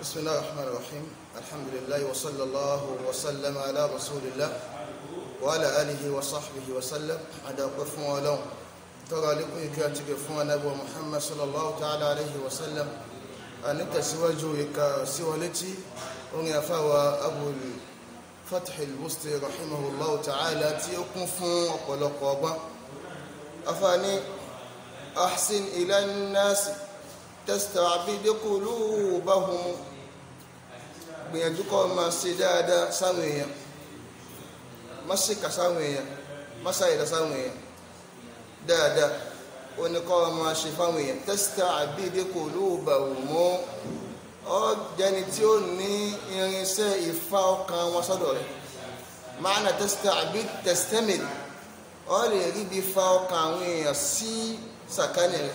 بسم الله الرحمن الرحيم الحمد لله وصلى الله وسلم على رسول الله وعلى آله وصحبه وسلم أدى قفوا لهم ترى لكم يكاتب قفوا نبو محمد صلى الله تعالى عليه وسلم أن تسواجه كسوالتي ومن فاوى أبو الفتح المسلم رحمه الله تعالى تيكم فوا وقلقوا أفاني أحسن إلى الناس تستعبد قلوبهم gbìyànjú kọ́ máa ṣe dáadáa sáwọn èèyàn má ṣèkà sáwọn èèyàn má ṣàyẹ̀dá sáwọn èèyàn dáadáa ó ní kọ́ máa ṣe fáwọn èèyàn tẹ́sítà àbídé kò lóòbà wò mọ́ ọ jẹni tí ó ní irinṣẹ́ ìfà ọkàn wọn sọ́dọ̀ rẹ̀ máàna tẹ́sítà àbí tẹ́sítẹ́mìlì ọ lè rí bí fa ọkàn àwọn èèyàn sí sàkánì rẹ̀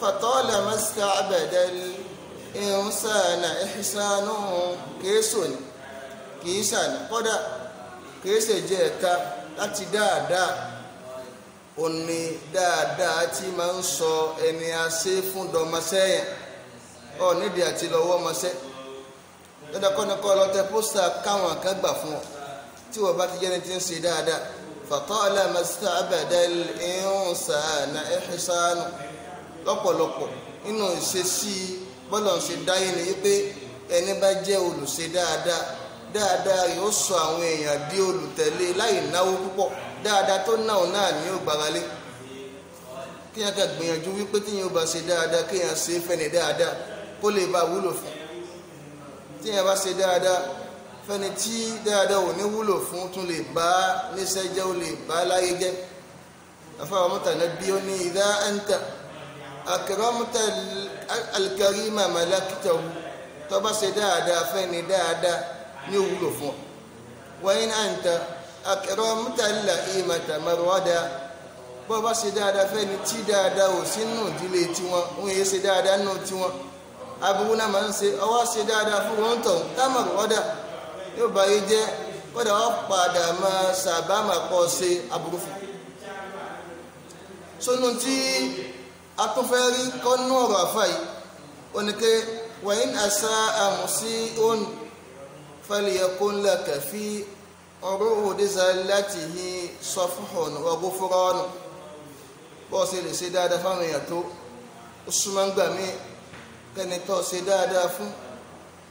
fatọ́ọ̀lẹ̀ mẹ́sítà abẹ́dẹ́lẹ́ ìhùnsánà ìhìsánú kéésò ni kìí sànà kọ́dà kéésè jẹ́ ẹ̀ka láti dáadáa òní dáadáa tí máa ń sọ ẹni asé fún dọmọsẹ́yìn ọ nídìí àti lọ́wọ́ mọsẹ́ dandan kọ́ni kọ́ lọ tẹ pósítà káwọn kan gbà fún ọ tí wọ́n bá ti jẹ́ni tí ń ṣe dáadáa fàtọ́ọ̀lá masita abẹ́dẹ́ ìhùnsánà ìhìsánú lọ́pọ̀lọpọ̀ nínú ìṣesí bọ́lá ṣe dáyé ni wípé ẹni bá jẹ́ olùṣe dáadáa dáadáa yóò sọ àwọn èèyàn di olùtẹ̀lé láì náwó púpọ̀ dáadáa tó náà náà ní ògbáralé kéèyàn kà gbìyànjú wípé tíyẹn ó bá ṣe dáadáa kéèyàn ṣe é fẹ́ni dáadáa kó lè bá wúlò fún tíyẹn bá ṣe dáadáa fẹ́ni tí dáadáa ò ní wúlò fún tún lè bá níṣẹ́ jẹ́ ó lè bá láyé jẹ́ afáwọn mọ́tàlá bí ó ní ìdá ẹ̀ńtà àkàrà mọ́tàlá alikarima malakitawu tọ́ba ṣe dáadáa fẹ́ni dáadáa ní òwúlò fún ọ wọ́n á ń ta akẹ́rọ mítàlá ìmọ̀ tàmárọ́dà bọ́ba ṣe dáadáa fẹ́ni tí dáadáa ò sínú ìdílé tiwọn wọ́n yé ṣe dáadáa nù tiwọn aburú náà máa ń ṣe ọwọ́ ṣe fún wọn tọ̀ tàmárọ́dà yóò bá yé jẹ́ kódà wọ́n padà máa ṣàbámà kọ́ ṣe aburú fún. sónú tí atúnfẹ́ rí kọ́nú ọ̀rọ̀ àfa yìí oníke wẹ̀yìn àṣà àmùsí òun fẹ́lẹ̀yẹkùn lẹ́kẹ̀ fi ọ̀rọ̀ òdìsá láti yí sọfún ọ̀gbọ́n fúnra ọ̀nà bọ́ ṣe lè ṣe dáadáa fáwọn èèyàn tó ó súnmọ́ ń gbà mí kẹ́ni tó ṣe dáadáa fún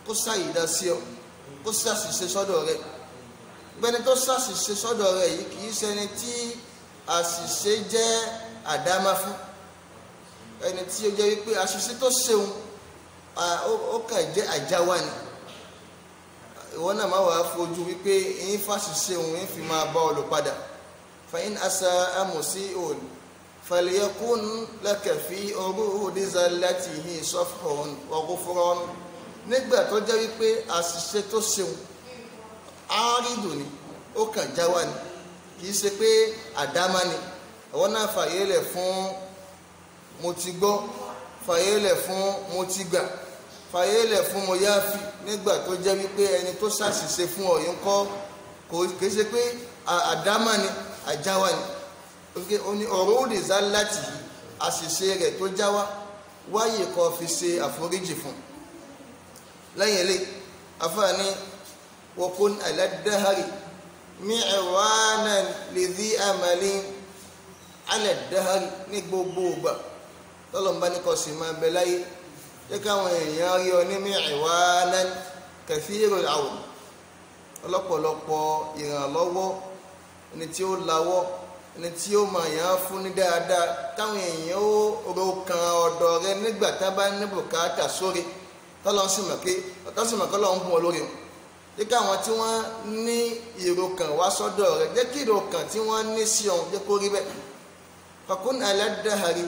kó ṣàyídá sí ọ kó ṣàṣìṣe sọ́dọ̀ rẹ gbẹni tó ṣàṣìṣe sọ́dọ̀ rẹ yìí kì í ẹni tí ó jẹ́ wípé aṣoṣe tó ṣeun ó kàn jẹ́ àjáwá ni ìwọ náà má wàá fojú wípé ẹ̀yin fàṣìṣe ẹ̀yin fi máa bá ọ lò padà asa amòsí òòl fàlẹ́yẹkùn lẹ́kẹ̀fí ọgọ́ òdìza láti yìn sọ́fọ̀n ọgọ́ fúnrọ́n nígbà tó jẹ́ wípé àṣìṣe tó ṣeun áárídù ni ó kàn jáwá ni kì í ṣe pé àdámá ni ìwọ náà fàyè lẹ̀ fún mo ti gbọ́ fàyélẹ̀ fún mo ti gbà fàyélẹ̀ fún mo yá fi nígbà tó jẹ́ wípé ẹni tó ṣàṣìṣe fún ọ yìí ń kọ́ kò kìí ṣe pé àdámà ni àjáwá ni ọ̀rọ̀ òde zá láti yìí àṣìṣe rẹ̀ tó jáwá wáyè kọ́ fi ṣe àforíjì fún lẹ́yìn ilé afáàní wọ́kún aládàárì ní ẹ̀wọ̀n náà lè dí àmàlí aládàárì ní gbogbo ìgbà tọ́lọ́mbá ní kọ́ sì máa bẹ láyé jẹ́ káwọn èèyàn rí ọ ní mi'wanan kathirul aun ọlọ́pọ̀lọpọ̀ ìrànlọ́wọ́ ẹni tí ó lawọ́ ẹni tí ó mọ̀ yàn fún ní dáadáa táwọn èèyàn ó ro kan ọ̀dọ̀ rẹ nígbà tá a bá ní bùkátà sórí tọ́lọ́n sì mọ̀ pé ọ̀tọ́ sì mọ̀ kọ́ lọ́n bùn ọ lórí wọn jẹ́ kí tí wọ́n ní ìrokàn wá sọ́dọ̀ rẹ jẹ́ kí ìrokàn tí wọ́n ní sí ọ̀hún jẹ́ kó rí bẹ́ẹ̀ kọ̀kún aládàárí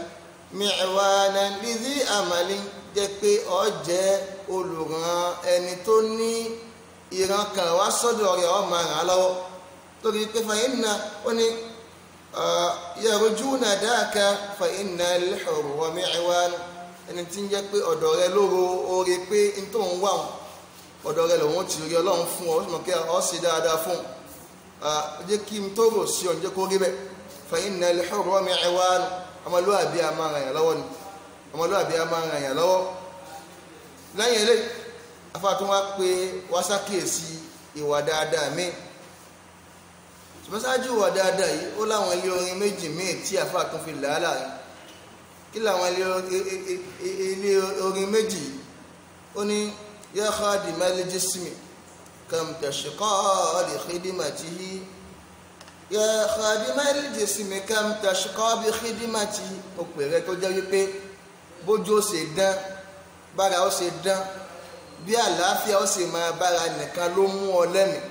mìíràn lizzy amali jẹ́ pé ọ jẹ́ olùràn ẹni tó ní ìran kan wá sọ́dọ̀ rẹ̀ ọ máa ràn án lọ́wọ́ torí pé fàyínà ó ní yarjuna dáàka fàyínà lẹ́xọ̀rọ̀ wọ́n mìíràn ẹni tí ń jẹ́ pé ọ̀dọ̀ rẹ lóru oore pé n tó ń wà wọn ọ̀dọ̀ rẹ lòun ti rí ọlọ́run fún ọ ó sì mọ̀ kí ọ sì dáadáa fún ọ jẹ́ kí n tó rò sí ọ kó rí bẹ́ẹ̀ fàyínà lẹ́xọ̀rọ̀ wọ́n mìíràn ọmọlúwàbí a máa ràn yàn lọ́wọ́ ni ọmọlúwàbí a máa ràn yàn lọ́wọ́ lẹ́yìn eléyìí afáàtún wá pé wá ṣàkíyèsí ìwà dáadáa míì ṣùgbọ́n ṣáájú ìwà dáadáa yìí ó láwọn ilé orin méjì míì tí afáàtún fi làálàá yìí kí làwọn ilé orin méjì yìí ó ní yá khadimal jismi kam tashqa li khidmatihi yẹ xadimẹ́lì jésìmí kẹ́m tẹ̀síkọ́ bí xidimẹ́tì òpè rẹ tó jẹ́ wípé bójú ó ṣe dán bára ó ṣe dán bí àlàáfíà ó sì máa bára nìkan ló mú ọ lẹ́mìí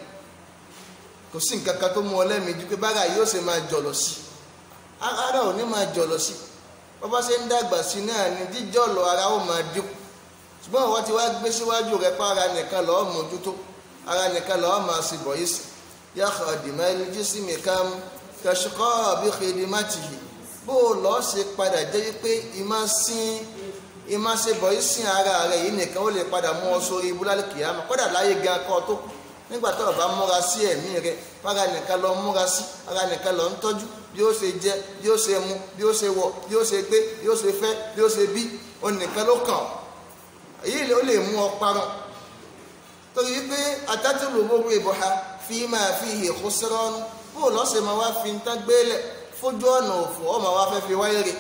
kò sí nǹkan kan tó mú ọ lẹ́mìí ju pé bára yìí ó sì máa jọ̀lọ̀ sí ara ò ní máa jọ̀lọ̀ sí bọ́bá ṣe ń dàgbà sí náà ni jíjọ̀lọ̀ ara ó máa dínkù ṣùgbọ́n ìwọ ti wá gbé síwájú rẹ pa ara nìkan lọ́ọ́ mójútó ara nìkan lọ́ọ́ máa ṣe bọ̀ yìí sí yakhdimani jismi kam kashqa bi khidmatihi bó o lọ ṣe padà jẹ́ wípé ìmọ̀ sín ìmọ̀ ṣe bọ̀ yìí sín ara rẹ̀ yìí nìkan ó lè padà mú ọ sórí ibùdó kìámà kódà láyé gan kọ́ tó kù nígbà tó múra sí ẹ̀mí rẹ̀ fara nìkan lọ múra sí ara nìkan lọ ń tọ́jú bí ó ṣe jẹ bí ó ṣe mu bí ó ṣe wọ bí ó ṣe gbé bí ó ṣe fẹ́ bí ó ṣe bí o nìkan ló kàn èyí ló lè mú ọ parun torí wípé atátùlù gbogbo ìbọ̀ha fi máa fi hì kó sẹ́rọ́nù bó o lọ́sẹ̀ máa wá fi tán gbélẹ̀ fojú ọ̀nà òfò ọmọ wa fẹ́ fi wáyé rè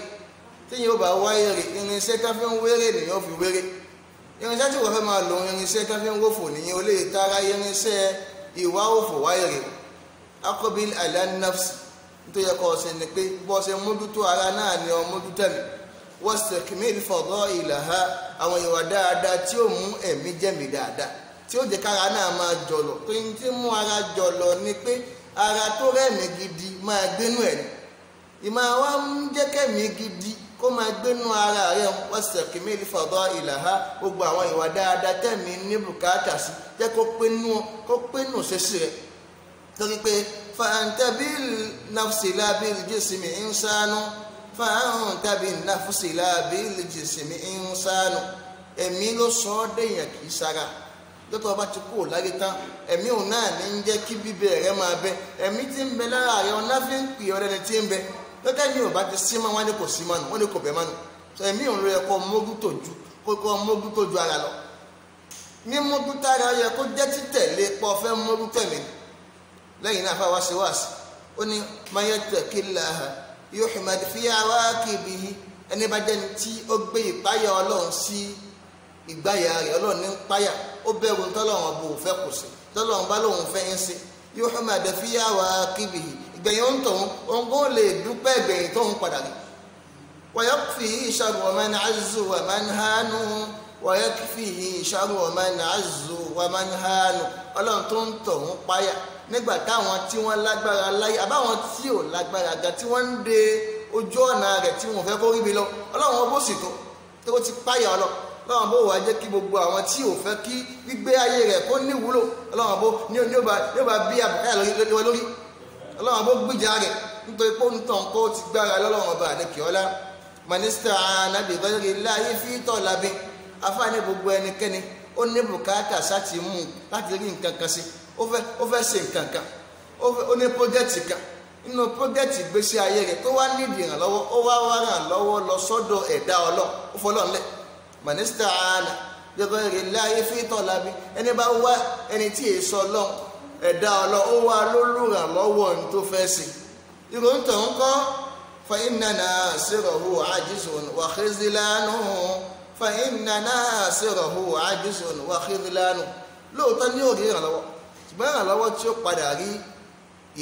tíyẹn ó bá wáyé rè irinṣẹ́ ká fi ń wéré nìyẹn ó fi wéré irinṣẹ́ tí wọ́n fẹ́ máa lo irinṣẹ́ ká ń wófò nìyẹn ó lè tara irinṣẹ́ ìwà òfò wáyé rè akọ́bíl àlànàfsì tó yẹ kọ́ ọ̀sẹ̀ ni pé bọ́ mójútó ara náà ni ọ mójútó mi wọ́n sì kìmí ìfọ̀gọ́ ìlà ha àwọn ìwà dáadáa tí ó mú ẹ̀mí jẹ́mi dáadáa tí ó jẹ́ kára náà máa jọlọ pé n tí mú ara jọlọ ni pé ara tó gidi máa gbénú ẹ̀ ìmọ̀ wa ń jẹ́ kẹ́mí gidi kó máa gbénú ara rẹ̀ wọ́n sẹ̀kí mẹ́lì ìlàhá gbogbo àwọn ìwà dáadáa tẹ̀mí ní bùkátà sí jẹ́ kó kó rẹ̀ torí pé nàfṣìlá bí ń sánú nàfṣìlá bí ń sánú ẹ̀mí ló sọ ọ́ dókítà ọba ti kú láyé tán ẹ̀mí òun náà ní ń jẹ́ kí bíbẹ rẹ máa bẹ ẹ̀mí tí ń bẹ lára rẹ ọ̀nà fi ń pè ọ́ lẹ́ni tí ń bẹ dókítà ẹ̀mí ò bá ti sí wọn ni kò sí mọ́ wọn ni kò bẹ̀ lọ ní ara yẹ kó jẹ́ pọ̀ fẹ́ lẹ́yìn náà fáwọn ṣe wá sí ó ní ìgbáyà rẹ̀ ọlọ́run ní páyà ó bẹ̀rù tọ́lọ́run bò fẹ́ kò sí tọ́lọ́run bá lòun fẹ́ ń ṣe yóò fẹ́ máa dẹ̀fíyà wá kíbi ìgbẹ̀yìn ó ń tọ̀hún òun kò lè dúpẹ́ ìgbẹ̀yìn tóun padà rí ويكفيه شر من عز ومن هان ويكفيه شر من عز ومن هان ọlọ́run tó ń tọ̀hún páyà nígbà táwọn tí wọ́n lágbára láyé àbáwọn tí ò lágbára ga tí wọ́n ń de ojú ọ̀nà rẹ̀ tí wọ́n fẹ́ kó ríbi lọ ọlọ́run ọgbó tó tó ti páyà ọlọ́run ọlọ́run bó wàá jẹ́ kí gbogbo àwọn tí ò fẹ́ kí gbígbé ayé rẹ̀ kó níwúlò ọlọ́run bó ní ní ó bí àbùkáyà lọ́wọ́ lórí ọlọ́run bó gbìjà rẹ̀ nítorí pé ń tàn kó ti gbára àdékè mínísítà láyé fi tọ́ labẹ́ afáàní gbogbo ẹnikẹ́ni ó ní bùkátà sáti mú láti rí nǹkan kan sí ó fẹ́ ṣe nǹkan kan ó ní pọ́jẹ́tì kan nínú pọ́jẹ́tì ayé rẹ̀ tó wá nídìí ìrànlọ́wọ́ ó wá wá ràn lọ́wọ́ mọ̀nísítà àánà gbogbo ìrìnlẹ̀ ayé fi tàn lábí ẹni bá wá ẹni tí èso ọlọ́run ẹ̀dá ọlọ́run ó wá lólùrànlọ́wọ́ ní tó fẹ́ sí ìròyìn tó ń kọ́ fàyínàna sírọ̀hù àjísùn wàhízìlánù fàyínàna sírọ̀hù àjísùn wàhízìlánù lóòótọ́ ní òrí ìrànlọ́wọ́ ṣùgbọ́n ìrànlọ́wọ́ tí ó padà rí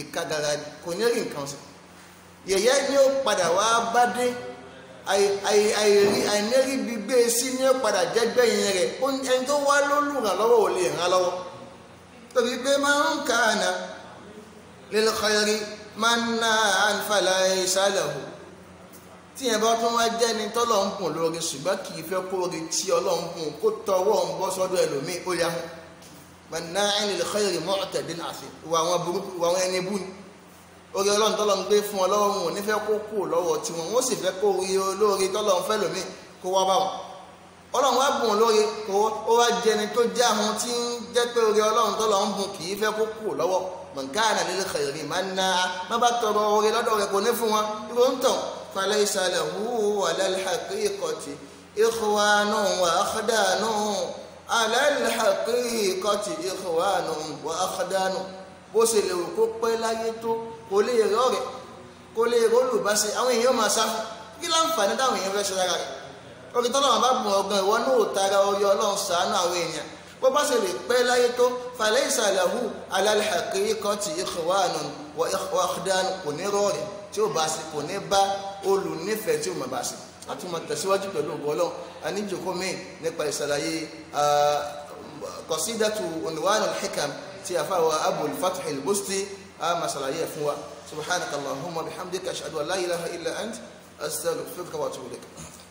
ìkagara kò ní rí nǹkan sí yẹ̀yẹ́ ni ó padà wá bá dé àìlérí gbígbé e sí ní padà jẹ́gbẹ́yìn rẹ̀ ẹni tó wá lólùrànlọ́wọ́ ò lè ràn lọ́wọ́ tóbi pé máa ń kà ánà lil khayri máa ń ná àǹfààlà ìsàlẹ̀ o tí yẹn bá tún wá jẹ́ ni tọ́lọ̀ ń bùn lórí ṣùgbọ́n kì í fẹ́ kó orí tí ọlọ́run bùn kó tọwọ́ ń bọ́ sọ́dọ̀ ẹlòmíì ó yá máa ń ná lil khayri mu'tadin àfi ìwà àwọn ẹni bú ni orí ọlọ́run tọ́lọ́ ń gbé fún ọ lọ́wọ́ wọn ò ní fẹ́ kó kù lọ́wọ́ tiwọn wọ́n sì fẹ́ kó iye olóore tọ́lọ́ ń fẹ́ lómi kó wá bá wọn ọlọ́run wá bùn lóore kó ó wá jẹni tó jẹ́ àwọn tí ń jẹ́ pé orí ọlọ́run tọ́lọ́ ń bùn kì í fẹ́ kó kù lọ́wọ́ mọ̀nkánà lílẹ̀ xẹ̀rì máa ń na má bá tọrọ oore lọ́dọ̀ rẹ̀ kò ní fún wọn ibo ń tàn falẹ̀ ìsàlẹ̀ wúwo alálàkìkọ̀tì bó ṣe lè rò kó pẹ́ láyé tó kò lè rọ́ rẹ̀ kò lè rọ́ olùbáṣe àwọn èèyàn máa sá fún kí láǹfààní táwọn èèyàn fẹ́ ṣe lára rẹ̀ orí tọ́lá wọn bá bùn ọgàn ìwọ náà ò tara ọyọ ọlọ́run ṣàánú àwọn èèyàn bó bá ṣe lè pẹ́ láyé tó falẹ́ ìsàlẹ̀hù alálẹ́hàkiri kan ti ìkọ̀wáànù wàhádánù kò ní rọrẹ̀ tí ó bá sí kò ní bá olùnífẹ̀ẹ́ tí ó mọ̀ bá sí. láti mọ tẹ̀síwájú pẹ̀lú ọgọ́lọ́ àníjòkó mi nípa ìṣàlàyé kọ̀sídàtù ah, ònìwánù hikam تي فهو ابو الفتح البستي اما صلاه فهو سبحانك اللهم وبحمدك اشهد ان لا اله الا انت استغفرك واتوب اليك